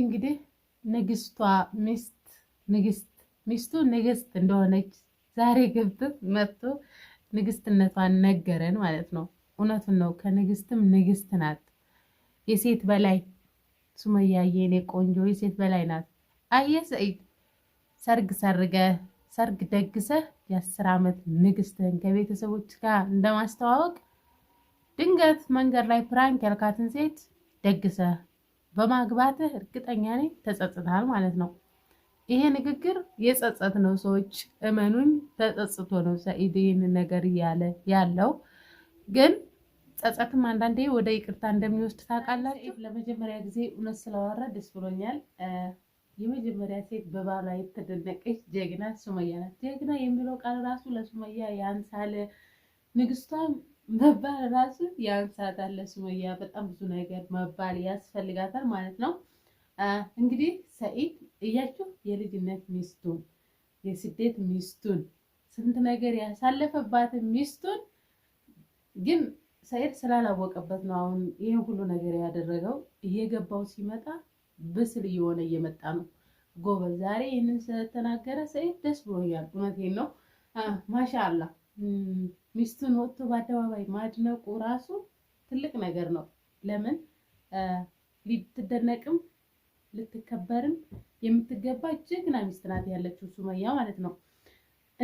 እንግዲህ ንግስቷ ሚስት ንግስት ሚስቱ ንግስት እንደሆነች ዛሬ ገብቶ መጥቶ ንግስትነቷን ነገረን ማለት ነው። እውነቱን ነው። ከንግስትም ንግስት ናት። የሴት በላይ ሱመያ የኔ ቆንጆ የሴት በላይ ናት። አየ ሰኢድ፣ ሰርግ ሰርገ ሰርግ ደግሰህ የአስር ዓመት ንግስትህን ከቤተሰቦች ጋር እንደማስተዋወቅ ድንገት መንገድ ላይ ፕራንክ ያልካትን ሴት ደግሰህ በማግባትህ እርግጠኛ ነኝ ተጸጽተሃል ማለት ነው። ይሄ ንግግር የጸጸት ነው። ሰዎች እመኑኝ፣ ተጸጽቶ ነው ሰኢድ ነገር እያለ ያለው። ግን ጸጸትም አንዳንዴ ወደ ይቅርታ እንደሚወስድ ታውቃላችሁ። ለመጀመሪያ ጊዜ እውነት ስለዋራ ደስ ብሎኛል። የመጀመሪያ ሴት በባሏ የተደነቀች ጀግና ሱመያ ናት። ጀግና የሚለው ቃል ራሱ ለሱመያ ያንሳል። ንግስቷም መባል ራሱ ያንሳታል። ሱመያ በጣም ብዙ ነገር መባል ያስፈልጋታል ማለት ነው። እንግዲህ ሰኢድ እያችሁ የልጅነት ሚስቱን የስደት ሚስቱን ስንት ነገር ያሳለፈባትን ሚስቱን ግን ሰኢድ ስላላወቀበት ነው አሁን ይህን ሁሉ ነገር ያደረገው። እየገባው ሲመጣ ብስል እየሆነ እየመጣ ነው። ጎበዝ ዛሬ ይህንን ስለተናገረ ሰኢድ ደስ ብሎኛል። እውነቴን ነው። ማሻ አላህ ሚስቱን ወጥቶ በአደባባይ ማድነቁ ራሱ ትልቅ ነገር ነው። ለምን ልትደነቅም ልትከበርም የምትገባ ጀግና ሚስት ናት ያለችው ሱመያ ማለት ነው።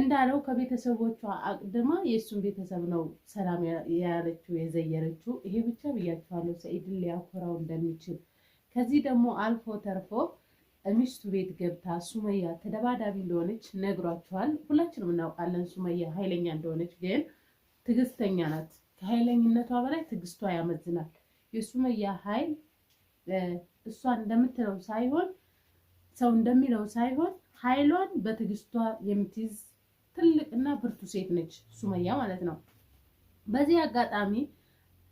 እንዳለው ከቤተሰቦቿ አቅድማ የእሱን ቤተሰብ ነው ሰላም ያለችው የዘየረችው። ይሄ ብቻ ብያችኋለሁ ሰኢድን ሊያኮራው እንደሚችል። ከዚህ ደግሞ አልፎ ተርፎ ሚስቱ ቤት ገብታ ሱመያ ተደባዳቢ እንደሆነች ነግሯቸዋል ሁላችንም እናውቃለን ሱመያ ኃይለኛ እንደሆነች ግን ትዕግስተኛ ናት። ከኃይለኝነቷ በላይ ትዕግስቷ ያመዝናል። የሱመያ ኃይል እሷ እንደምትለው ሳይሆን ሰው እንደሚለው ሳይሆን ኃይሏን በትዕግስቷ የምትይዝ ትልቅና ብርቱ ሴት ነች፣ ሱመያ ማለት ነው። በዚህ አጋጣሚ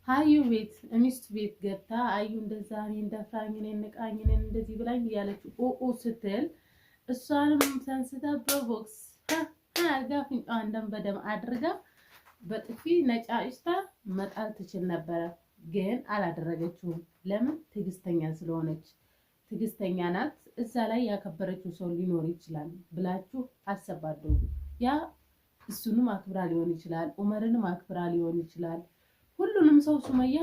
ሀዩ ቤት ሚስት ቤት ገብታ አዩ እንደዛ እኔ እንዳፋኝ ንቃኝ እንደዚህ ብላኝ እያለች ኦኦ ስትል እሷንም ሰንስታ በቦክስ አድርጋ ፍንጫዋን ደም በደም አድርጋ በጥፊ ነጫጭታ መጣል ትችል ነበረ፣ ግን አላደረገችውም። ለምን? ትዕግስተኛ ስለሆነች ትዕግስተኛ ናት። እዛ ላይ ያከበረችው ሰው ሊኖር ይችላል ብላችሁ አሰባደው። ያ እሱንም አክብራ ሊሆን ይችላል፣ ኡመርንም አክብራ ሊሆን ይችላል። ሁሉንም ሰው ሱመያ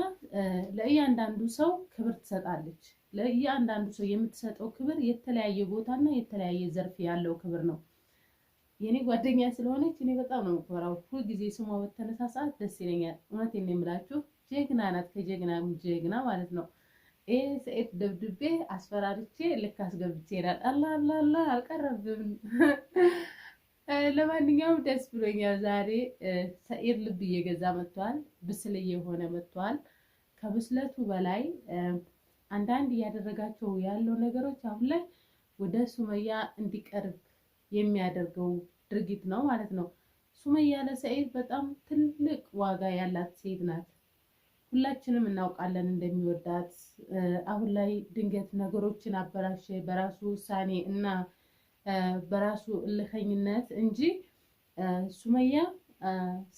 ለእያንዳንዱ ሰው ክብር ትሰጣለች። ለእያንዳንዱ ሰው የምትሰጠው ክብር የተለያየ ቦታና የተለያየ ዘርፍ ያለው ክብር ነው። የኔ ጓደኛ ስለሆነች እኔ በጣም ነው የምኮራው። ሁልጊዜ ስሟ በተነሳ ሰዓት ደስ ይለኛል። እውነት እውነቴን የምላችሁ ጀግና ናት፣ ከጀግና ጀግና ማለት ነው። ይህ ሰኢድ ደብድቤ አስፈራርቼ ልክ አስገብቼ ይላል። አላላላ አልቀረብም። ለማንኛውም ደስ ብሎኛል። ዛሬ ሰኢድ ልብ እየገዛ መጥቷል፣ ብስል እየሆነ መጥቷል። ከብስለቱ በላይ አንዳንድ እያደረጋቸው ያለው ነገሮች አሁን ላይ ወደ ሱመያ እንዲቀርብ የሚያደርገው ድርጊት ነው ማለት ነው። ሱመያ ለሰኢድ በጣም ትልቅ ዋጋ ያላት ሴት ናት። ሁላችንም እናውቃለን እንደሚወዳት። አሁን ላይ ድንገት ነገሮችን አበላሸ በራሱ ውሳኔ እና በራሱ እልኸኝነት እንጂ ሱመያ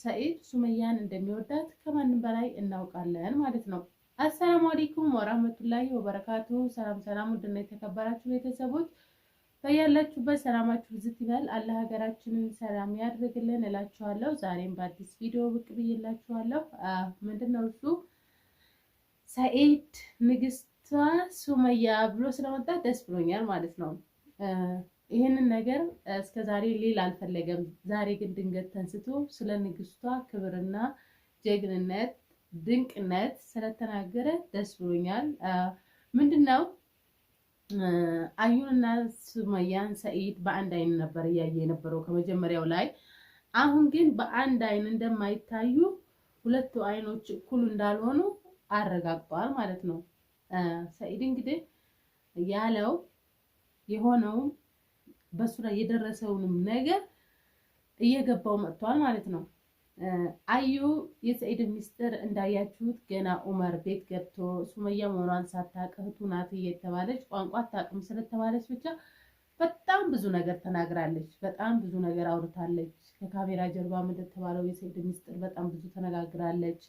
ሰኢድ ሱመያን እንደሚወዳት ከማንም በላይ እናውቃለን ማለት ነው። አሰላሙ አሌይኩም ወራህመቱላሂ ወበረካቱ። ሰላም ሰላም፣ ውድና የተከበራችሁ ቤተሰቦች በያላችሁበት ሰላማችሁ ብዝት ይበል። አለ ሀገራችንን ሰላም ያድርግልን እላችኋለሁ። ዛሬም በአዲስ ቪዲዮ ብቅ ብዬላችኋለሁ። ምንድን ነው እሱ ሰኢድ ንግስቷ ሱመያ ብሎ ስለመጣ ደስ ብሎኛል ማለት ነው። ይህንን ነገር እስከ ዛሬ ሌል አልፈለገም። ዛሬ ግን ድንገት ተንስቶ ስለ ንግስቷ ክብርና ጀግንነት ድንቅነት ስለተናገረ ደስ ብሎኛል። ምንድን ነው አዩንና ሱመያን ሰኢድ በአንድ አይን ነበር እያየ የነበረው ከመጀመሪያው ላይ። አሁን ግን በአንድ አይን እንደማይታዩ ሁለቱ አይኖች እኩል እንዳልሆኑ አረጋግጠዋል ማለት ነው። ሰኢድ እንግዲህ ያለው የሆነውም በሱ ላይ የደረሰውንም ነገር እየገባው መጥቷል ማለት ነው። አዩ የሰኢድ ሚስጥር እንዳያችሁት ገና ኡመር ቤት ገብቶ ሱመያ መሆኗን ሳታቅ እህቱ ናት እየተባለች ቋንቋ አታውቅም ስለተባለች ብቻ በጣም ብዙ ነገር ተናግራለች። በጣም ብዙ ነገር አውርታለች። ከካሜራ ጀርባም እንደተባለው የሰኢድ ሚስጥር በጣም ብዙ ተነጋግራለች።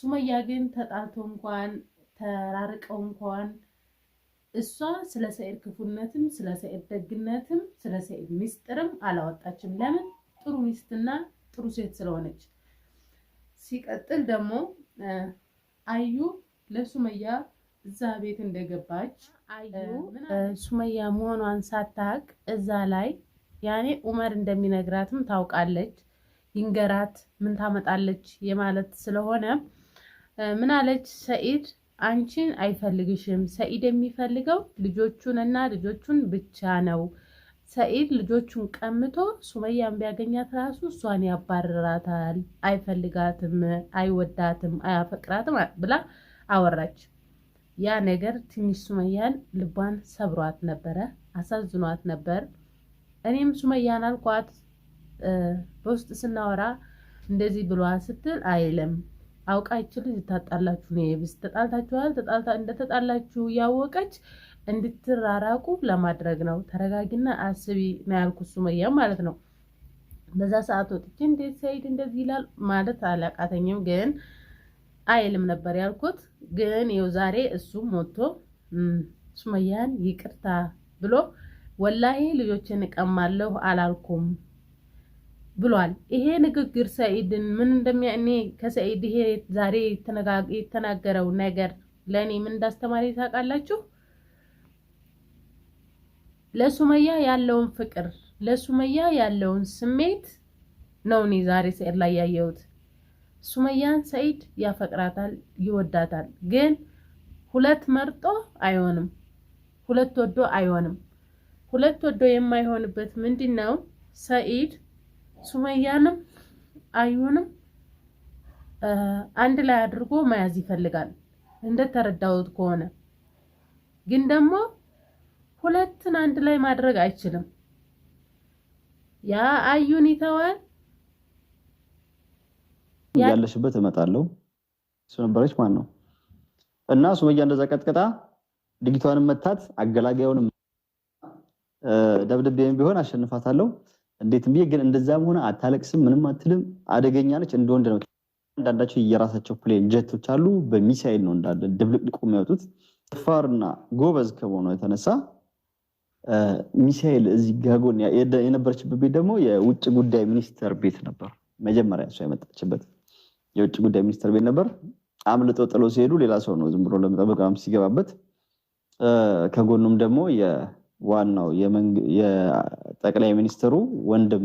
ሱመያ ግን ተጣልቶ እንኳን ተራርቀው እንኳን እሷ ስለ ሰኢድ ክፉነትም ስለ ሰኢድ ደግነትም ስለ ሰኢድ ሚስጥርም አላወጣችም። ለምን ጥሩ ሚስትና ጥሩ ሴት ስለሆነች። ሲቀጥል ደግሞ አዩ ለሱመያ እዛ ቤት እንደገባች አዩ ሱመያ መሆኗን ሳታቅ እዛ ላይ ያኔ ኡመር እንደሚነግራትም ታውቃለች። ይንገራት ምን ታመጣለች የማለት ስለሆነ ምናለች ሰኢድ አንቺን አይፈልግሽም። ሰኢድ የሚፈልገው ልጆቹን እና ልጆቹን ብቻ ነው። ሰኢድ ልጆቹን ቀምቶ ሱመያን ቢያገኛት ራሱ እሷን ያባርራታል፣ አይፈልጋትም፣ አይወዳትም፣ አያፈቅራትም ብላ አወራች። ያ ነገር ትንሽ ሱመያን ልቧን ሰብሯት ነበረ፣ አሳዝኗት ነበር። እኔም ሱመያን አልኳት በውስጥ ስናወራ እንደዚህ ብሏ ስትል አይለም አውቃችሁ ልጅ ታጣላችሁ ነው ብስ ተጣልታችኋል፣ ተጣልታ እንደተጣላችሁ እያወቀች እንድትራራቁ ለማድረግ ነው። ተረጋጊና አስቢ ነው ያልኩት ሱመያ ማለት ነው። በዛ ሰዓት ወጥቼ እንዴት ሰይድ እንደዚህ ይላል ማለት አላቃተኝም፣ ግን አይልም ነበር ያልኩት። ግን ይኸው ዛሬ እሱም ሞቶ ሱመያን ይቅርታ ብሎ ወላሂ ልጆችን እቀማለሁ አላልኩም ብሏል። ይሄ ንግግር ሰኢድን ምን እንደሚያ እኔ ከሰኢድ ይሄ ዛሬ የተናገረው ነገር ለእኔ ምን እንዳስተማሪ ታውቃላችሁ? ለሱመያ ያለውን ፍቅር ለሱመያ ያለውን ስሜት ነው እኔ ዛሬ ሰኢድ ላይ ያየሁት። ሱመያን ሰኢድ ያፈቅራታል፣ ይወዳታል። ግን ሁለት መርጦ አይሆንም፣ ሁለት ወዶ አይሆንም። ሁለት ወዶ የማይሆንበት ምንድን ነው? ሰኢድ ሱመያንም አዩንም አንድ ላይ አድርጎ መያዝ ይፈልጋል እንደተረዳሁት ከሆነ ግን ደግሞ ሁለትን አንድ ላይ ማድረግ አይችልም። ያ አዩን ይተዋል። ያለሽበት እመጣለሁ። እሱ ነበረች ማን ነው እና ሱመያ እንደዛ ቀጥቅጣ ድጊቷንም መታት፣ አገላጋዩንም ደብድቤም ቢሆን አሸንፋታለሁ። እንዴትም ብዬ ግን እንደዛም ሆነ አታለቅስም፣ ምንም አትልም። አደገኛ ነች። እንደ ነው። አንዳንዳቸው የራሳቸው ፕሌን ጀቶች አሉ። በሚሳይል ነው እንዳለ ድብልቅልቁ የሚያወጡት። ፋርና ጎበዝ ከመሆኗ የተነሳ ሚሳኤል እዚህ ጋጎን የነበረችበት ቤት ደግሞ የውጭ ጉዳይ ሚኒስተር ቤት ነበር። መጀመሪያ እሷ የመጣችበት የውጭ ጉዳይ ሚኒስተር ቤት ነበር። አምልጦ ጥሎ ሲሄዱ ሌላ ሰው ነው ዝም ብሎ ለመጠበቅ ሲገባበት፣ ከጎኑም ደግሞ የዋናው የጠቅላይ ሚኒስትሩ ወንድም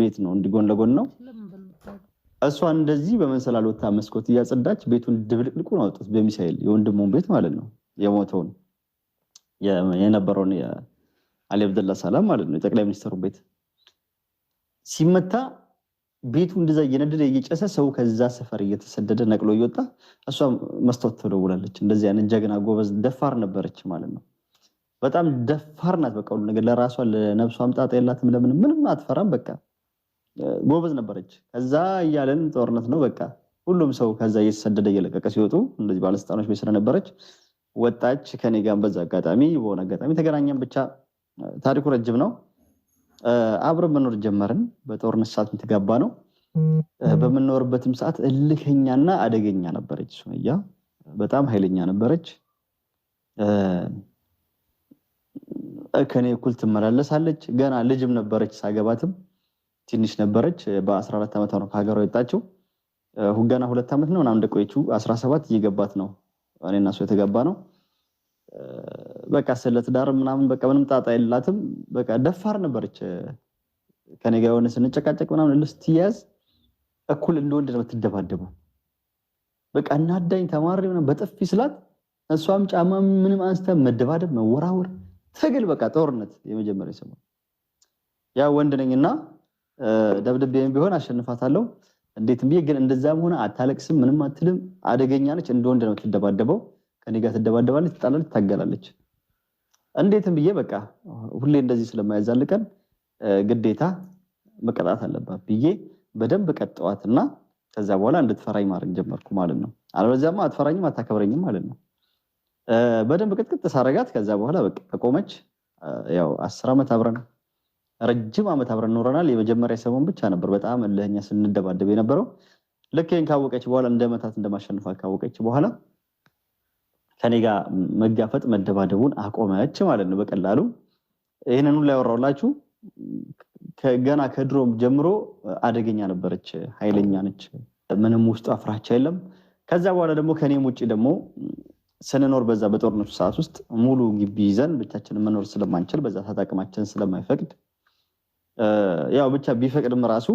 ቤት ነው፣ እንዲጎን ለጎን ነው። እሷን እንደዚህ በመንሰላሎታ መስኮት እያጸዳች ቤቱን ድብልቅልቁን አውጡት በሚሳኤል የወንድሙን ቤት ማለት ነው የሞተውን የነበረውን አሊ አብደላ ሰላም ማለት ነው የጠቅላይ ሚኒስትሩ ቤት ሲመታ ቤቱ እንደዛ እየነደደ እየጨሰ ሰው ከዛ ሰፈር እየተሰደደ ነቅሎ እየወጣ እሷ መስታወት ተደውላለች እንደዚህ አይነት ጀግና ጎበዝ ደፋር ነበረች ማለት ነው። በጣም ደፋር ናት። በቃ ሁሉ ነገር ለራሷ ለነብሷ አምጣጣ የላትም። ለምን ምንም አትፈራም። በቃ ጎበዝ ነበረች። ከዛ እያለን ጦርነት ነው በቃ ሁሉም ሰው ከዛ እየተሰደደ እየለቀቀ ሲወጡ እንደዚህ ባለስልጣኖች ቤት ስለነበረች ወጣች። ከኔ ጋር በዛ አጋጣሚ በሆነ አጋጣሚ ተገናኘን ብቻ ታሪኩ ረጅም ነው። አብረን መኖር ጀመርን። በጦርነት ሰዓት የተጋባ ነው። በምንኖርበትም ሰዓት እልከኛና አደገኛ ነበረች ሱመያ። በጣም ኃይለኛ ነበረች። ከኔ እኩል ትመላለሳለች። ገና ልጅም ነበረች፣ ሳገባትም ትንሽ ነበረች። በ14 ዓመት ነው ከሀገሯ የወጣችው። ገና ሁለት ዓመት ነው ምናምን እንደቆየችው 17 እየገባት ነው እና እሱ የተጋባ ነው። በቃ ስለ ትዳር ምናምን በቃ ምንም ጣጣ የላትም። በቃ ደፋር ነበረች። ከኔ ጋር የሆነ ስንጨቃጨቅ ምናምን ልስትያዝ እኩል እንደወንድ ነው የምትደባደበው። በቃ እናዳኝ ተማሪ በጥፊ ስላት እሷም ጫማ ምንም አንስተ መደባደብ፣ መወራወር፣ ትግል በቃ ጦርነት። የመጀመሪያ ሰሞን ያ ወንድ ነኝ እና ደብደቤም ቢሆን አሸንፋታለሁ። እንዴት ብዬ ግን እንደዛም ሆነ አታለቅስም፣ ምንም አትልም። አደገኛ ነች። እንደወንድ ነው የምትደባደበው። ከኔ ጋር ትደባደባለች፣ ትጣላለች፣ ትታገላለች። እንዴትም ብዬ በቃ ሁሌ እንደዚህ ስለማያዛልቀን ግዴታ መቀጣት አለባት ብዬ በደንብ ቀጠዋት እና ከዛ በኋላ እንድትፈራኝ ማድረግ ጀመርኩ ማለት ነው። አለበለዚያማ አትፈራኝም አታከብረኝም ማለት ነው። በደንብ ቅጥቅጥ ሳረጋት ከዛ በኋላ በቃ ከቆመች ያው አስር ዓመት አብረን ረጅም ዓመት አብረን ኖረናል። የመጀመሪያ ሰሞን ብቻ ነበር በጣም እልህኛ ስንደባደብ የነበረው። ልክ ይህን ካወቀች በኋላ እንደመታት እንደማሸንፋት ካወቀች በኋላ ከኔ ጋር መጋፈጥ መደባደቡን አቆመች ማለት ነው። በቀላሉ ይህንን ሁሉ ያወራውላችሁ ገና ከድሮም ጀምሮ አደገኛ ነበረች፣ ኃይለኛ ነች። ምንም ውስጡ አፍራቻ የለም። ከዛ በኋላ ደግሞ ከኔም ውጭ ደግሞ ስንኖር በዛ በጦርነቱ ሰዓት ውስጥ ሙሉ ግቢ ይዘን ብቻችን መኖር ስለማንችል በዛ ሰዓት አቅማችን ስለማይፈቅድ ያው ብቻ ቢፈቅድም ራሱ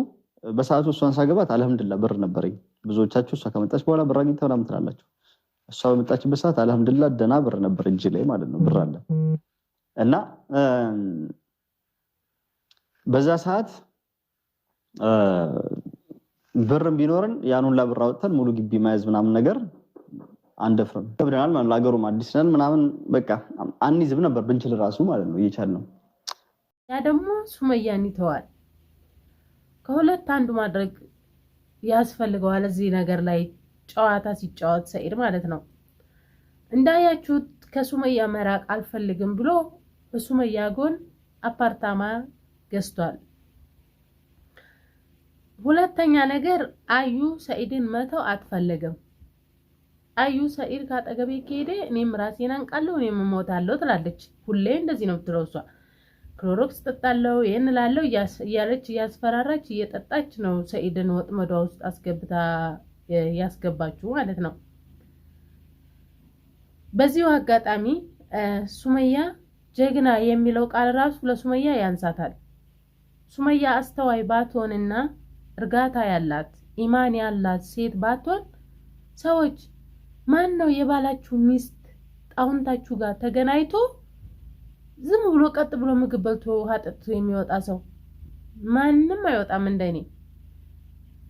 በሰዓቱ እሷን ሳገባት አልሐምድላ ብር ነበረኝ። ብዙዎቻችሁ እሷ ከመጣች በኋላ ብር አግኝተ ምናምን ትላላችሁ። እሷ በመጣችበት ሰዓት አልሐምድላ ደና ብር ነበር እጅ ላይ ማለት ነው፣ ብር አለ እና በዛ ሰዓት ብርም ቢኖርን ያኑን ብር አወጥተን ሙሉ ግቢ መያዝ ምናምን ነገር አንደፍርም ከብደናል ማለት ለሀገሩም አዲስ ነን ምናምን በቃ አንይዝም ነበር ብንችል ራሱ ማለት ነው ነው ያ ደግሞ ሱመያን ይተዋል። ከሁለት አንዱ ማድረግ ያስፈልገዋል እዚህ ነገር ላይ ጨዋታ ሲጫወት ሰኢድ ማለት ነው። እንዳያችሁት ከሱመያ መራቅ አልፈልግም ብሎ በሱመያ ጎን አፓርታማ ገዝቷል። ሁለተኛ ነገር አዩ ሰኢድን መተው አትፈልግም። አዩ ሰኢድ ካጠገቤ ከሄደ እኔም ራሴን አንቃለሁ፣ እኔም እሞታለሁ ትላለች። ሁሌ እንደዚህ ነው ብትለው እሷ ክሎሮክስ ጠጣለው ይህን ላለው እያለች እያስፈራራች እየጠጣች ነው ሰኢድን ወጥመዷ ውስጥ አስገብታ ያስገባችሁ ማለት ነው። በዚሁ አጋጣሚ ሱመያ ጀግና የሚለው ቃል ራሱ ለሱመያ ያንሳታል። ሱመያ አስተዋይ ባትሆንና እርጋታ ያላት ኢማን ያላት ሴት ባትሆን ሰዎች ማን ነው የባላችሁ ሚስት ጣውንታችሁ ጋር ተገናኝቶ ዝም ብሎ ቀጥ ብሎ ምግብ በልቶ ውሃ ጠጥቶ የሚወጣ ሰው ማንም አይወጣም እንደኔ።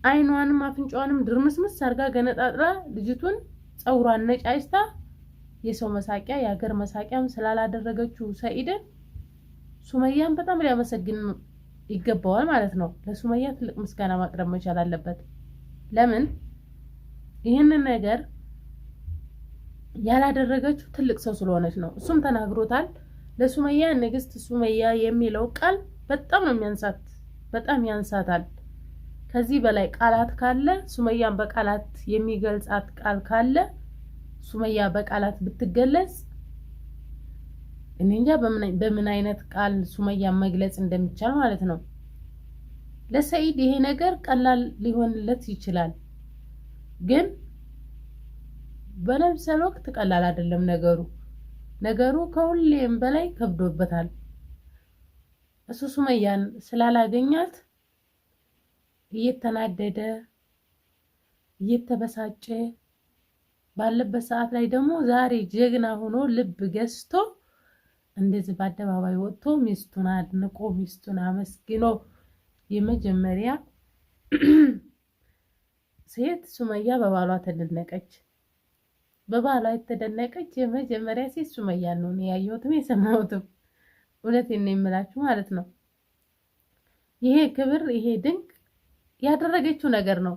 አይኗንም አፍንጫዋንም ድርምስምስ ሰርጋ ገነጣጥላ ልጅቱን ፀጉሯን ነጫጭታ የሰው መሳቂያ የሀገር መሳቂያም ስላላደረገችው ሰኢድን ሱመያን በጣም ሊያመሰግን ይገባዋል ማለት ነው። ለሱመያ ትልቅ ምስጋና ማቅረብ መቻል አለበት። ለምን ይህንን ነገር ያላደረገችው ትልቅ ሰው ስለሆነች ነው። እሱም ተናግሮታል። ለሱመያ ንግስት ሱመያ የሚለው ቃል በጣም ነው የሚያንሳት፣ በጣም ያንሳታል። ከዚህ በላይ ቃላት ካለ ሱመያን በቃላት የሚገልጻት ቃል ካለ ሱመያ በቃላት ብትገለጽ እኔ እንጃ በምን አይነት ቃል ሱመያን መግለጽ እንደሚቻል ማለት ነው። ለሰኢድ ይሄ ነገር ቀላል ሊሆንለት ይችላል፣ ግን በነብሰል ወቅት ቀላል አይደለም ነገሩ። ነገሩ ከሁሌም በላይ ከብዶበታል። እሱ ሱመያን ስላላገኛት እየተናደደ እየተበሳጨ ባለበት ሰዓት ላይ ደግሞ ዛሬ ጀግና ሆኖ ልብ ገዝቶ እንደዚህ በአደባባይ ወጥቶ ሚስቱን አድንቆ ሚስቱን አመስግኖ የመጀመሪያ ሴት ሱመያ በባሏ ተደነቀች። በባሏ የተደነቀች የመጀመሪያ ሴት ሱመያ ነው። እኔ ያየሁትም የሰማሁትም እውነት ነው የምላችሁ ማለት ነው። ይሄ ክብር ይሄ ድንቅ ያደረገችው ነገር ነው።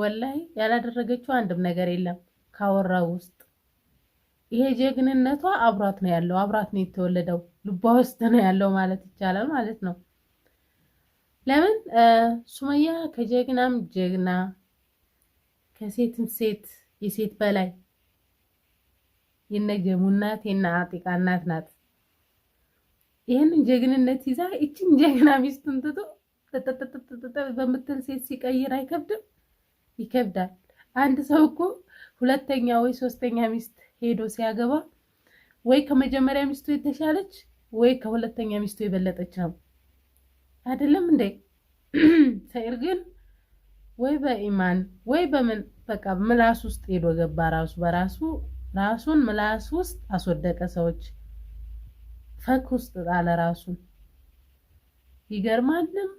ወላይ ያላደረገችው አንድም ነገር የለም ካወራ ውስጥ ይሄ ጀግንነቷ አብራት ነው ያለው፣ አብራት ነው የተወለደው፣ ልቧ ውስጥ ነው ያለው ማለት ይቻላል ማለት ነው። ለምን ሱመያ ከጀግናም ጀግና ከሴትም ሴት የሴት በላይ የነጀሙ እናት የነ አጢቃ እናት ናት። ይህንን ጀግንነት ይዛ ይችን ጀግና ሚስቱን ትቶ በምትል ሴት ሲቀይር አይከብድም? ይከብዳል። አንድ ሰው እኮ ሁለተኛ ወይ ሶስተኛ ሚስት ሄዶ ሲያገባ ወይ ከመጀመሪያ ሚስቱ የተሻለች ወይ ከሁለተኛ ሚስቱ የበለጠች ነው። አይደለም እንዴ? ሰይር ግን ወይ በኢማን ወይ በምን በቃ ምላስ ውስጥ ሄዶ ገባ። ራሱ በራሱ ራሱን ምላስ ውስጥ አስወደቀ። ሰዎች ፈክ ውስጥ ጣለ ራሱን። ይገርማልም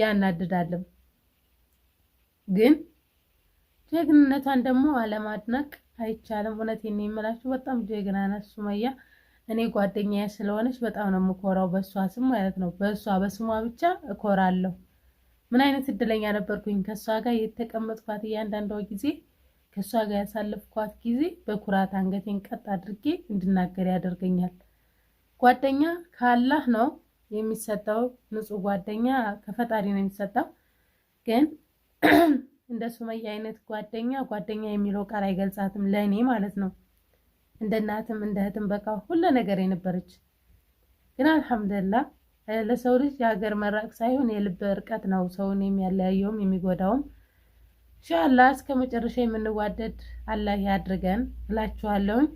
ያናድዳልም። ግን ጀግንነቷን ደግሞ አለማድነቅ አይቻልም። እውነቴን ነው የምላችሁ፣ በጣም ጀግና ናት ሱመያ። እኔ ጓደኛዬ ስለሆነች በጣም ነው የምኮራው፣ በእሷ ስም ማለት ነው። በእሷ በስሟ ብቻ እኮራለሁ። ምን አይነት እድለኛ ነበርኩኝ ከእሷ ጋር የተቀመጥኳት። እያንዳንዷ ጊዜ ከእሷ ጋር ያሳለፍኳት ጊዜ በኩራት አንገቴን ቀጥ አድርጌ እንድናገር ያደርገኛል። ጓደኛ ካላህ ነው የሚሰጠው ንጹህ ጓደኛ ከፈጣሪ ነው የሚሰጠው። ግን እንደ ሱመያ አይነት ጓደኛ ጓደኛ የሚለው ቃል አይገልጻትም ለእኔ ማለት ነው። እንደ እናትም እንደ እህትም በቃ ሁሉ ነገር የነበረች ግን አልሐምዱላ ለሰው ልጅ የሀገር መራቅ ሳይሆን የልብ እርቀት ነው ሰውን የሚያለያየውም የሚጎዳውም። ኢንሻአላህ እስከ መጨረሻ የምንዋደድ አላህ ያድርገን እላችኋለሁኝ።